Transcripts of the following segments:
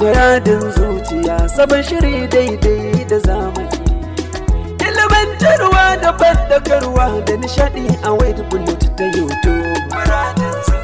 Guradin zuciya sabon shiri daidai da zamani. Ilimantarwa da bandakarwa da nishadi a wayar bullet ta YouTube. Guradin zuciya,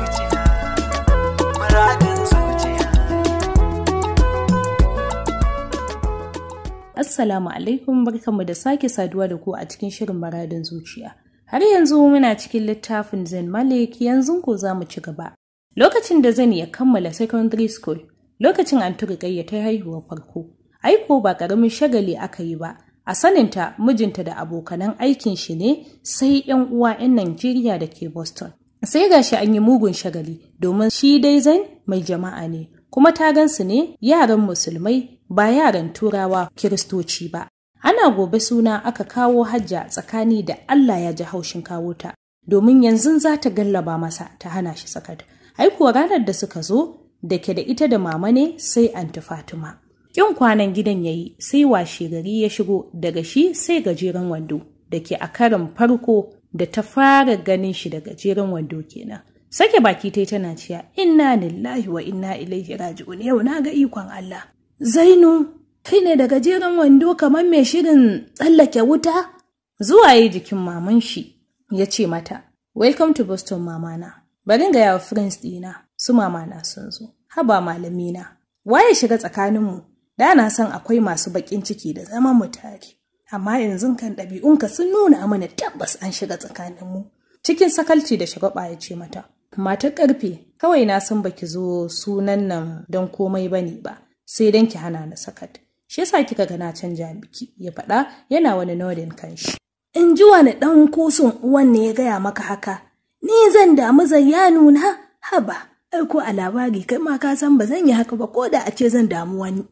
Assalamu alaikum barkanmu da sake saduwa da ku a cikin shirin maradin zuciya. Har yanzu muna cikin littafin Zain Malik yanzu ko za mu ci gaba. Lokacin da zan ya kammala secondary school, Lokacin an turgayya ta haihuwar farko, aiko ba ƙaramin shagali aka yi ba, a saninta mijinta da abokanan aikin shi ne sai 'yan uwa 'yan Najeriya da ke Boston. Sai gashi an yi mugun shagali domin shi dai zan mai jama'a ne, kuma ta gansu ne yaran musulmai ba yaran turawa kiristoci ba. Ana gobe suna aka kawo hajja tsakani da Allah ya ji haushin kawo ta, domin yanzu za ta gallaba masa ta hana shi sakat. Ai ranar da suka zo da ke da ita da mama ne sai anti Fatima. Ƙin kwanan gidan ya yi sai washe gari ya shigo daga shi sai gajeren wando da ke a karin farko da ta fara ganin shi da gajeren wando kenan. Sake baki tai tana cewa inna lillahi wa inna ilaihi raji'un yau na ga ikon Allah. Zainu kai ne da gajeren wando kamar mai shirin tsallake wuta? Zuwa yi jikin maman shi ya ce mata, Welcome to Boston mamana. Bari gaya wa friends ɗina, su mama na sun zo, haba malami na. Waye shiga tsakaninmu, da na san akwai masu bakin ciki da zama mu tare. Amma yanzu kan ɗabi'unka sun nuna mana tabbas an shiga tsakaninmu. Cikin sakalci da shagwaba ya ce mata, matar ƙarfe, kawai na san baki zo sunan nan don komai bane ba, sai don ki hana na sakat. Shi yasa kika gana canja biki ya faɗa yana wani nodin kanshi. In ji wani ɗan kusun uwan ne ya gaya maka haka, ni zan damu zayyanu na haba aiko a labari kai ma ka san ba zan yi haka ba ko da a ce zan damu wani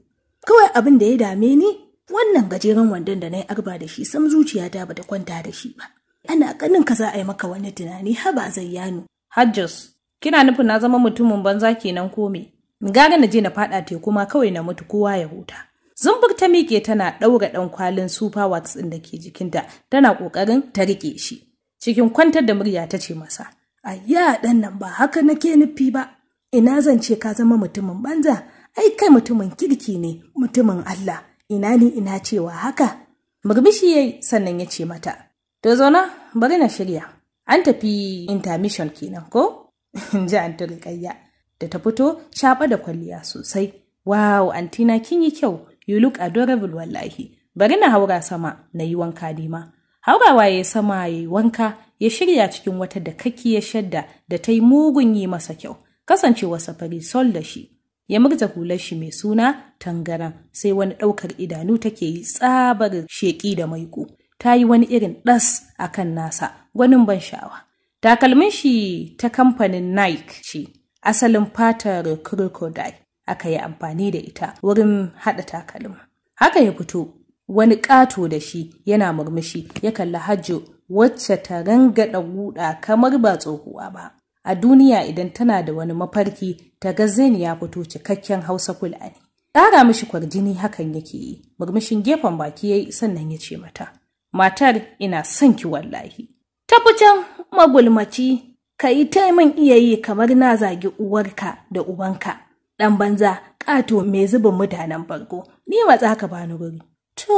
kawai abin da ya dame ni wannan gajeren wandon da na yi arba da shi sam zuciyata ba ta kwanta da shi ba ana kanin ka za a yi maka wani tunani haba zayyanu hajjus kina nufin na zama mutumin banza kenan ko me gara na je na fada teku ma kawai na mutu kowa ya huta zumbur ta miƙe tana ɗaura ɗan kwalin super wax ɗin da ke jikinta tana ƙoƙarin ta riƙe shi cikin kwantar da murya ta ce masa ayya ɗan nan ba haka na ke nufi ba ina zan ce ka zama mutumin banza ai kai mutumin kirki ne mutumin Allah ina ni ina cewa haka murmushi yayi sannan ya ce mata to zauna bari na shirya an tafi intermission kenan ko in ji an turkayya da ta fito shaɓa da kwalliya sosai wow antina kin yi kyau you look adorable wallahi bari na haura sama na yi wanka nema. aurawa ya sama ya wanka ya shirya cikin wata da kaki ya shadda da ta yi mugun yi masa kyau kasancewa fari sol da shi ya murza hular shi mai suna tangaran sai wani ɗaukar idanu take yi tsabar sheƙi da maiƙo ta yi wani irin ɗas a kan nasa gwanin ban sha'awa takalmin shi ta kamfanin nike ce asalin fatar crocodile aka yi amfani da ita wurin haɗa takalmin. haka ya fito wani ƙato da shi yana murmushi ya kalli hajjo wacce ta rangada guda kamar ba tsohuwa ba a duniya idan tana da wani mafarki ta ga zaini ya fito cikakken hausa kulani. ƙara mishi kwarjini hakan yake yi murmushin gefen baki ya yi sannan ya ce mata matar ina son ki wallahi ta can magulmaci ka yi ta min iya yi kamar na zagi uwarka da ubanka ɗan banza ƙato mai zuba mutanen farko ni matsa ka bani wuri To,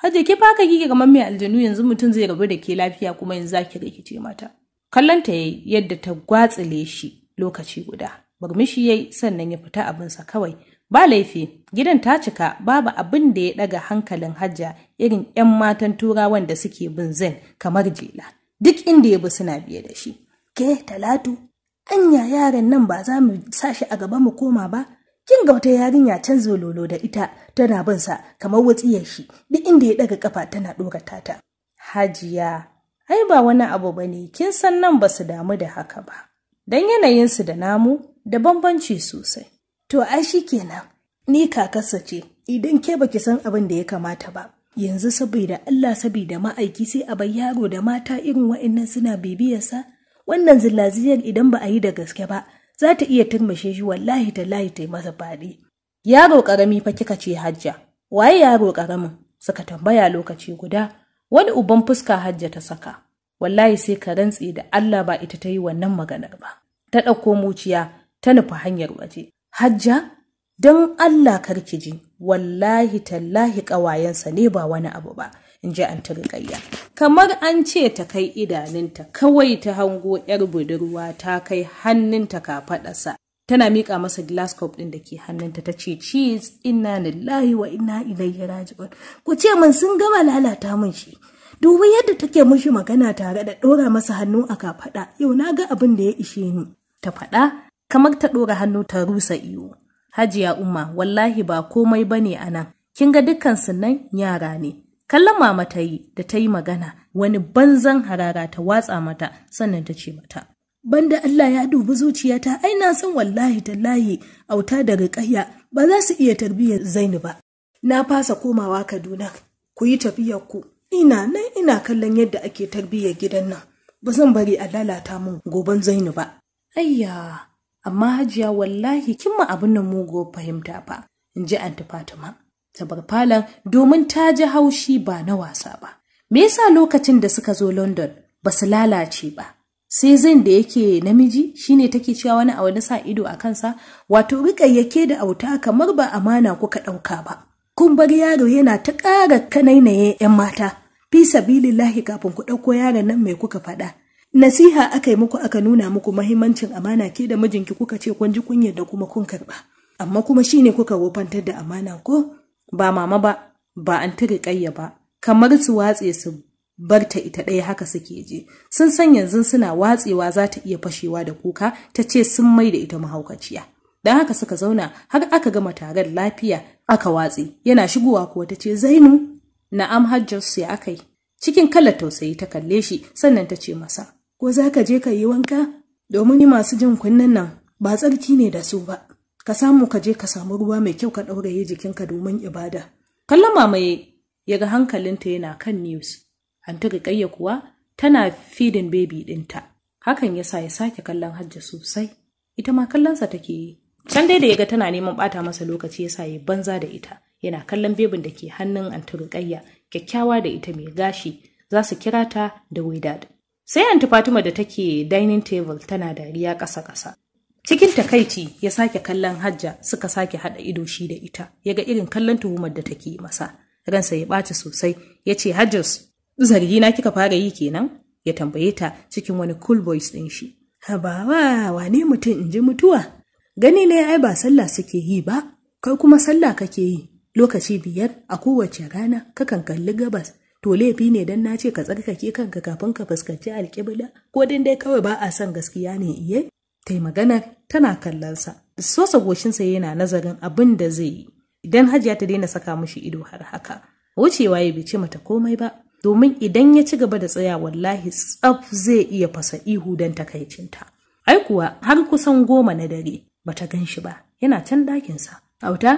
hajje ke fa kike kamar mai aljanu yanzu mutum zai rabu da ke lafiya kuma yanzu zaki rikice mata. Kallon ta yayi yadda ta gwatsile shi lokaci guda. Barmishi yayi sannan ya fita abinsa kawai. Ba laifi, gidan ta cika babu abin da ya daga hankalin hajja irin 'yan matan turawan da suke bin zan kamar jela. Duk inda ya bi suna biye da shi. Ke talatu, anya yaran nan ba za mu sashi a gaba mu koma ba, kin ga wata yarinya can zololo da ita tana bin sa kamar wutsiyar shi duk inda ya daga kafa tana dora tata hajiya ai ba wani abu bane kin san nan ba su damu da haka ba dan yanayin su da namu da bambanci sosai to ai shikenan ni kakarsa ce idan ke baki san abin da ya kamata ba yanzu saboda Allah saboda ma'aiki sai a bai yaro da mata irin wa'annan suna bibiyarsa wannan zillaziyar idan ba a yi da gaske ba za ta iya turmashe shi wallahi tallahi ta yi masa fadi. Yaro ƙarami fa kika ce hajja, waye yaro ƙaramin suka tambaya lokaci guda wani uban fuska hajja ta saka. Wallahi sai ka rantse da Allah ba ita ta yi wannan maganar ba. Ta ɗauko muciya ta nufi hanyar waje. Hajja, don Allah karki ji, wallahi tallahi ƙawayensa ne ba wani abu ba. in ji an turƙayya kamar an ce ta kai idanunta kawai ta hango yar budurwa ta kai hannunta kafaɗarsa tana miƙa masa glass ɗin da ke hannunta ta ce cheese ina lillahi wa inna ilaihi raji'un ku ce mun sun gama lalata mun shi dubi yadda take mushi magana tare da ɗora masa hannu a kafaɗa yau na ga abin da ya ishe ni ta faɗa kamar ta ɗora hannu ta rusa iyo hajiya umma wallahi ba komai bane anan kin ga dukkan nan yara ne Kallon mama ta yi da ta yi magana wani banzan harara ta watsa mata sannan ta ce mata. Banda Allah ya dubi zuciyata ai na san wallahi tallahi auta da riƙayya ba za su iya tarbiyyar Zainu ba. Na fasa komawa Kaduna ku yi tafiyar ku ina nan ina kallon yadda ake tarbiyyar gidan nan ba zan bari a lalata min goben Zainu ba. Ayya amma hajiya wallahi kin ma abin nan mugu fahimta ba, in ji Anti Fatima. tabar falon domin ta ji haushi ba na wasa ba. Me yasa lokacin da suka zo London ba su lalace ba? Sai zan da yake namiji shine take cewa wani a wani sa ido a kansa, wato yake da auta kamar ba amana kuka ɗauka ba. Kun bar yaro yana ta ƙara kanainaye 'yan mata, fi lahi kafin ku ɗauko yaron nan mai kuka faɗa. Nasiha aka yi muku aka nuna muku mahimmancin amana ke da mijinki kuka ce kun ji kunyar da kuma kun karɓa. Amma kuma shine kuka wofantar da amana ko? ba mama ba ba an ƙayya ba kamar su watse su barta ita ɗaya haka suke je sun san yanzu suna watsewa za ta iya fashewa da kuka ta ce sun mai da ita mahaukaciya dan haka suka zauna har aka gama taron lafiya aka watse yana shigowa kuwa ta ce zainu na'am hajjarsu ya kai. cikin kalar tausayi ta kalle shi sannan ta ce masa ko za ka je ka yi wanka domin masu jin kunnen nan ba tsarki ne da su ba ka samu ka je ka samu ruwa mai kyau ka ɗauraye jikinka domin ibada kallon mamaye ya ga hankalinta yana kan news hanta ƙayya kuwa tana fidin bebi ɗinta hakan ya sa ya sake kallon hajja sosai ita ma kallonsa take yi can dai da ya ga tana neman ɓata masa lokaci ya sa ya banza da ita yana kallon bebin da ke hannun anturukayya kyakkyawa da ita mai gashi za su kira ta da widad sai anti fatima da take dining table tana dariya ƙasa ƙasa Cikin takaici ya sake kallon Hajja suka sake hada ido shi da ita, ya ga irin kallon tuhumar da take masa. Ransa ya ɓaci sosai, ya ce hajjus zargi na kika fara yi kenan? Ya tambaye ta cikin wani cool voice din shi. Habawa, wane mutum in ji mutuwa? Gani ne ai ba sallah suke yi ba, kai kuma sallah kake yi. Lokaci biyar a kowace rana kakan kalli gabas, to laifi ne dan na ce ka tsarkake kanka kafin ka fuskanci alƙibla ko din dai kawai ba a son gaskiya ne iye ta yi maganar tana kallonsa sosa goshinsa yana nazarin abin da zai yi idan hajiya ta daina saka mushi ido har haka wucewa ya bice mata komai ba domin idan ya ci gaba da tsaya wallahi tsaf zai iya fasa ihu don takaicinta ai kuwa har kusan goma na dare bata gan shi ba yana can ɗakinsa auta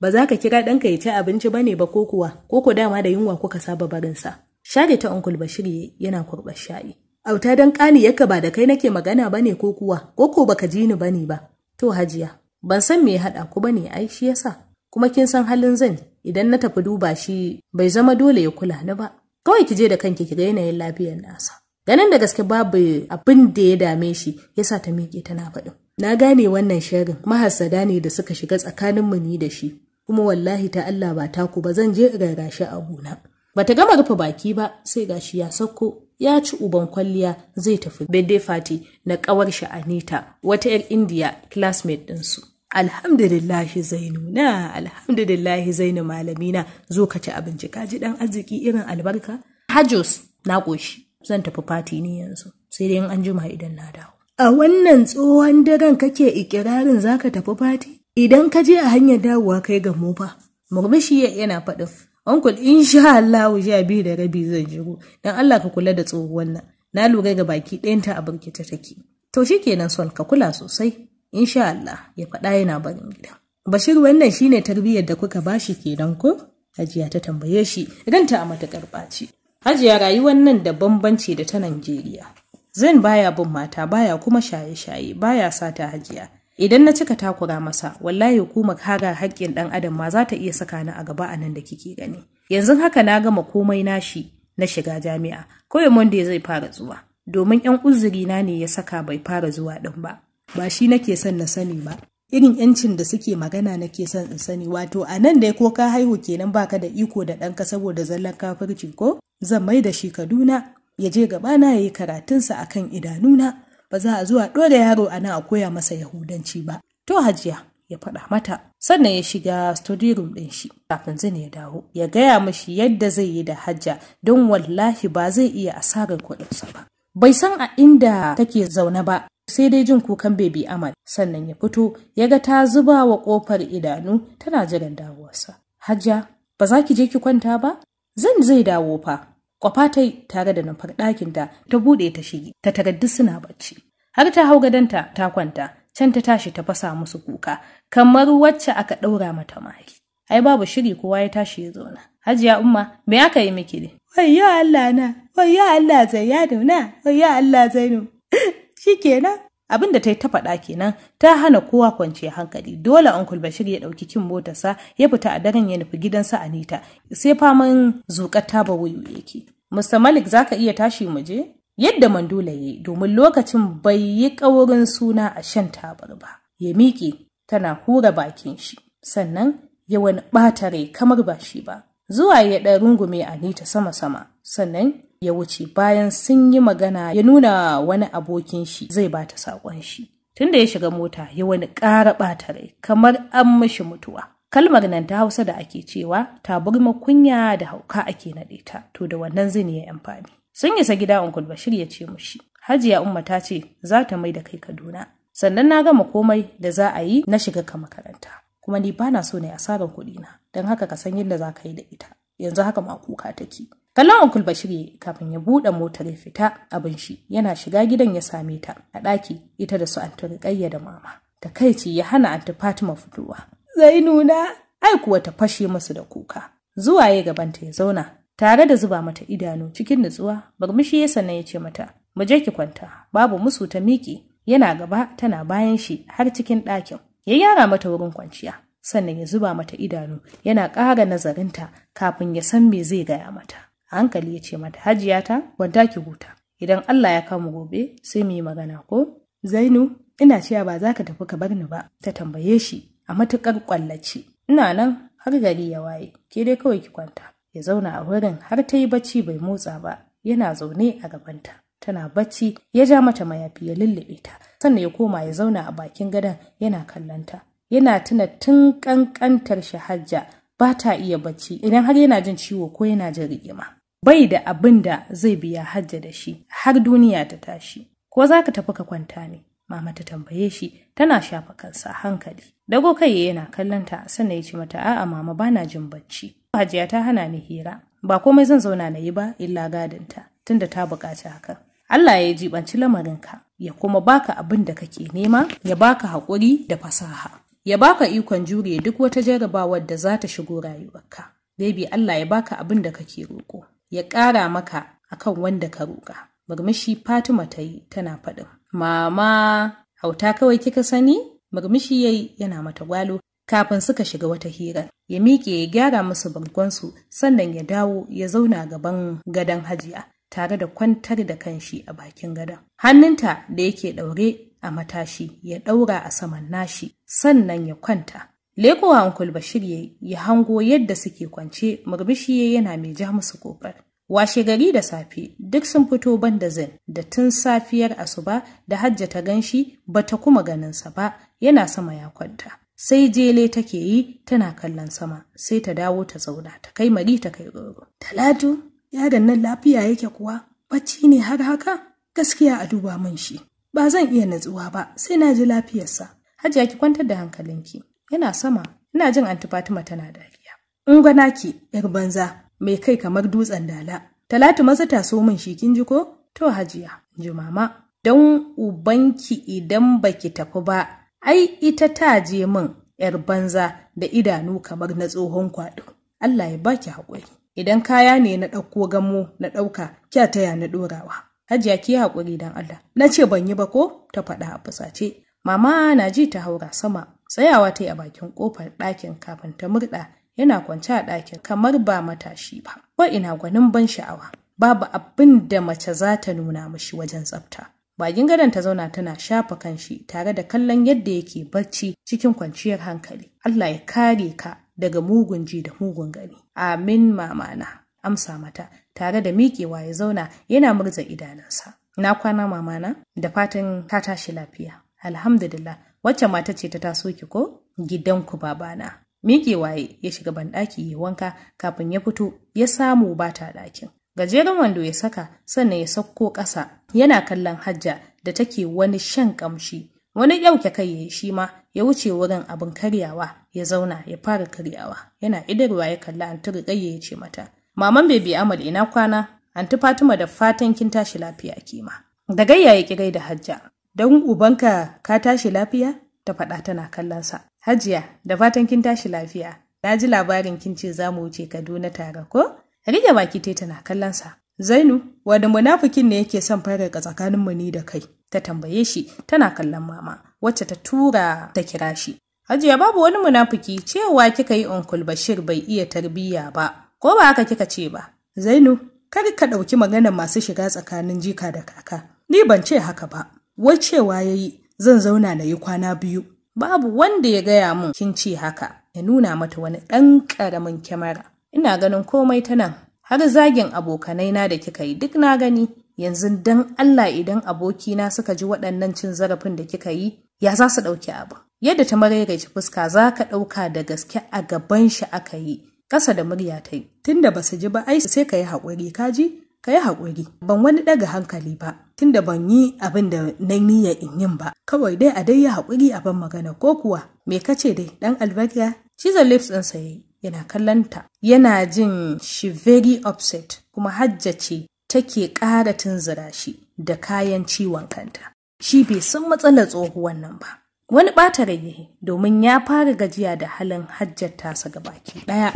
ba za ka kira ɗanka ya ci abinci ba ne ba ko kuwa ko ku dama da yunwa kuka saba barinsa share ta onkul bashir yana kurɓar shayi Auta dan ƙani yaka ba da kai nake magana ba ne ko kuwa, ko ko baka ji ni ba ne ba. To hajiya, ban san me ya haɗa ku ba ne ai shi yasa. Kuma kin san halin zan idan na tafi duba shi bai zama dole ya kula ni ba. Kawai ki je da kanki ki ga yanayin lafiyar nasa. Ganin da gaske babu abin da ya dame shi yasa ta miƙe tana faɗin. Na gane wannan shirin mahassada ne da suka shiga tsakaninmu ni da shi. kuma wallahi ta Allah ba taku ba zan je in abu abuna. Bata gama rufe baki ba sai gashi ya sauko ya ci uban kwalliya zai tafi birthday fati na kawar shi Anita wata 'yar Indiya classmate ɗinsu. Alhamdulillahi Zainu na alhamdulillahi Zainu malamina zo ka ci abinci ka ji dan arziki irin albarka. Hajos na ƙoshi zan tafi fati ni yanzu sai dai in an jima idan na dawo. A wannan tsohon daren kake ikirarin zaka tafi fati? Idan ka je a hanyar dawowa kai ga mu ba. Murmushi yana faɗin Uncle insha Allah sha biyu da rabi zan shiru, Dan Allah ka kula da tsohuwan nan. Na lura ga baki ɗayanta a burkita take. To kenan son ka kula sosai. Insha Allah ya faɗa yana barin gida. Bashir wannan shine tarbiyyar da kuka bashi kenan ko? Hajiya ta tambaye shi ranta a matakar ɓaci. Hajiya rayuwar nan da bambanci da ta Najeriya. Zan baya bin mata baya kuma shaye-shaye baya sata hajiya. idan na cika takura masa wallahi hukumar haga haƙƙin ɗan adam ma za ta iya saka ni a gaba a nan da kike gani yanzu haka na gama komai nashi na shiga jami'a kawai monday zai fara zuwa domin yan uzuri na ne ya saka bai fara zuwa ɗin ba ba shi nake son na sani ba irin yancin da suke magana nake son in sani wato a nan dai ko ka haihu kenan baka da iko da ɗanka saboda zallan kafirci ko zan mai da shi kaduna ya je gabana ya yi karatunsa akan idanuna ba za a zuwa ɗora yaro a nan a koya masa yahudanci ba to hajiya ya faɗa mata sannan ya shiga study room ɗin shi kafin zan ya dawo ya gaya mashi yadda zai yi da hajja don wallahi ba zai iya asarar kuɗinsa ba bai san a inda take zaune ba sai dai jin kukan Baby amal sannan ya fito ya ga ta zuba wa ƙofar idanu tana jiran dawowarsa hajja ba za ki je ki kwanta ba zan zai dawo fa kwafa ta yi tare da nufar ɗakinta ta buɗe ta shige ta taraddi suna bacci har ta hau gadonta ta kwanta can ta tashi ta fasa musu kuka kamar wacce aka ɗaura mata maki. ai babu shiri kowa ya tashi ya zauna hajiya umma me aka yi miki ne wayyo Allah na wayyo Allah zayyadu na wayyo Allah zainu shikenan abin da ta yi ta faɗa kenan ta hana kowa kwance hankali dole uncle bashir ya ɗauki kin motarsa ya fita a daren ya nufi gidansa anita sai faman zuƙar taba wuyu yake Mr. Malik za ka iya tashi mu je? Yadda mandula ya domin lokacin bai yi ƙaurin suna a shan tabar ba, ya miƙe tana hura bakin shi, sannan ya wani ɓata kamar ba shi ba. Zuwa ya ɗan rungume Anita sama-sama, sannan ya wuce bayan sun yi magana ya nuna wani abokin shi zai bata saƙon shi. Tunda ya shiga mota ya wani ƙara ɓata kamar an mishi mutuwa. kalmar nan ta hausa da ake cewa ta burma kunya da hauka ake naɗe ta to da wannan zini ya amfani sun isa gida unkul bashir ya ce mushi hajiya umma ta ce za ta mai da kai kaduna sannan na gama komai da za a yi na shiga ka makaranta kuma ni bana so ne asarar kuɗi na don haka ka san yadda za ka yi da ita yanzu haka ma kuka take kallon unkul bashir kafin ya buɗe motar ya fita abin shi yana shiga gidan ya same ta a ɗaki ita da su an da mama ta takaici ya hana anti fatima fitowa Zainuna, ai kuwa ta fashe masu da kuka. Zuwa ya gabanta ya zauna, tare da zuba mata idanu cikin nutsuwa, barmishi ya sannan ya ce mata, mu je ki kwanta, babu musu ta miƙe, yana gaba tana bayan shi har cikin ɗakin. Ya gyara mata wurin kwanciya, sannan ya zuba mata idanu, yana ƙara nazarinta kafin ya san me zai gaya mata. A hankali ya ce mata, hajiyata, kwanta ki huta. Idan Allah ya kama gobe, sai mu yi magana ko? Zainu, ina cewa ba za ka tafi ka bar ni ba, ta tambaye shi a matuƙar kwallaci Ina nan har gari ya waye, ke dai kawai ki kwanta. Ya zauna a wurin har ta yi bacci bai motsa ba, yana zaune a gabanta. Tana bacci, ya ja mata mayafi ya lullube ta, sannan ya koma ya zauna a bakin gadon yana kallonta. Yana tuna tun ƙanƙantar shahajja ba ta iya bacci idan har yana jin ciwo ko yana jin rigima. Bai da abin da zai biya hajja da shi har duniya ta tashi. Ko za ka tafi ka kwanta ne? Mama ta tambaye shi tana shafa kansa hankali. Dago kai yana kallon ta sannan ya ce mata a'a mama bana jin bacci. Hajiya ta hana ni hira. Ba komai zan zauna na yi ba illa gadinta tunda ta buƙaci haka Allah ya jibanci lamarinka ya kuma baka abin da kake nema ya baka haƙuri da fasaha. Ya baka ikon jure duk wata jarrabawar da za ta shigo rayuwarka. Baby Allah ya baka abin da kake roƙo. Ya ƙara maka akan wanda ka roƙa. Murmushi Fatima ta yi tana faɗin. Mama, hauta kawai kika sani? Murmushi ya yana mata gwalo kafin suka shiga wata hirar. Ya miƙe ya gyara musu bangonsu, sannan ya dawo ya zauna gaban gadon hajiya tare da kwantar da kanshi a bakin gadon. Hannunta da yake ɗaure a matashi ya ɗaura a saman nashi sannan ya kwanta. Lekowa Uncle Bashir ya hango yadda suke kwance murmushi yana mai ja musu kofar. Washe gari da safe duk sun fito banda zin da tun safiyar asuba da hajja ta ganshi ta kuma ganinsa ba yana sama ya kwanta. Sai jele take yi tana kallon sama sai ta dawo ta zauna ta kai mari ta kai goro. Talatu yaron nan lafiya yake kuwa bacci ne har haka gaskiya a duba min shi. Ba zan iya natsuwa ba sai na ji lafiyarsa. Hajiya ki kwantar da hankalinki yana sama ina jin anti Fatima tana dariya. In ki yar banza mai kai kamar dutsen dala. Talatu maza ta so min shi kin ji ko? To hajiya, ji mama. Don ubanki idan baki tafi ba, ai ita ta je min ‘yar banza da idanu kamar na tsohon kwaɗo. Allah ya baki haƙuri. Idan kaya ne na ɗauko gamo na ɗauka, kya taya na ɗorawa. Hajiya ki haƙuri don Allah. Na ce ban yi ba ko? Ta faɗa a fusace. Mama na ji ta haura sama, tsayawa ta yi a bakin ƙofar ɗakin kafin ta murɗa yana kwance a ɗakin kamar ba matashi ba ko ina gwanin ban sha'awa babu abin da mace za ta nuna mishi wajen tsafta bakin gadon ta zauna tana shafa kanshi tare da kallon yadda yake barci cikin kwanciyar hankali Allah ya kare ka daga mugun ji da mugun gani amin mamana amsa mata tare da miƙewa ya zauna yana murza idanunsa na kwana mamana da fatan ta tashi lafiya alhamdulillah wacce mata ce ta taso ki ko gidanku babana miƙe waye ya shiga banɗaki ya wanka kafin ya fito ya samu ba ta ɗakin. Gajeren wando ya saka sannan ya sauko ƙasa yana kallon hajja da take wani shan ƙamshi. Wani ɗauke kai ya yi shi ma ya wuce wurin abin karyawa ya zauna ya fara karyawa yana idarwa ya kalli an turi ya ce mata. Maman bebi Amal ina kwana anti Fatima da fatan kin tashi lafiya kima. Da gayya ya kirai da hajja. Don ubanka ka tashi lafiya? Ta faɗa tana kallon sa. Hajiya, da fatan kin tashi lafiya. Na ji labarin kin ce za mu wuce Kaduna tare ko? Rike baki tana kallon sa. Zainu, wanda munafikin ne yake son fara ga tsakanin mu ni da kai? Ta tambaye shi tana kallon mama, wacce ta tura ta kira shi. Hajiya babu wani munafiki cewa kika yi Uncle Bashir bai iya tarbiyya ba, ko ba haka kika ce ba? Zainu, kar ka ɗauki maganar masu shiga tsakanin jika da kaka. Ni ban ce haka ba. Wai cewa yayi zan zauna na yi kwana biyu babu wanda ya gaya mun kin ce haka ya nuna mata wani ɗan ƙaramin kyamara ina ganin komai ta nan har zagin abokanai na da kika yi duk na gani yanzu dan Allah idan abokina suka ji waɗannan cin zarafin da kika yi ya za su ɗauki abu yadda ta marairaici fuska za ka ɗauka da gaske a gaban shi aka yi ƙasa da murya ta yi tunda ba su ji ba ai sai ka yi haƙuri ka ji ka yi haƙuri ban wani ɗaga hankali ba tunda ban yi abin da na niyya in yin ba kawai dai a dai yi haƙuri a ban magana ko kuwa me ka ce dai ɗan albarka cizon lips ɗin sa yana kallonta yana jin shi very upset kuma hajja ce take ƙara tunzura shi da kayan ciwon kanta shi bai san matsalar tsohuwan nan ba wani ɓata rage domin ya fara gajiya da halin hajjar tasa ga baki ɗaya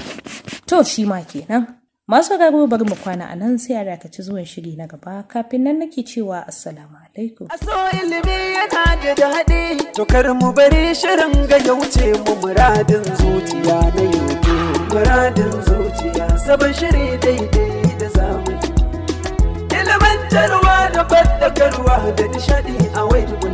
to shi ma kenan Masu gabo bari mu kwana a nan sai a dakaci zuwan shiri na gaba kafin nan nake cewa assalamu alaikum. Aso ilimi yana da daɗi, to kar mu bari shirin ga yauce mu muradin zuciya na yauke. Muradin zuciya sabon shiri daidai da zamani. Ilimantarwa da fadakarwa da nishaɗi a wai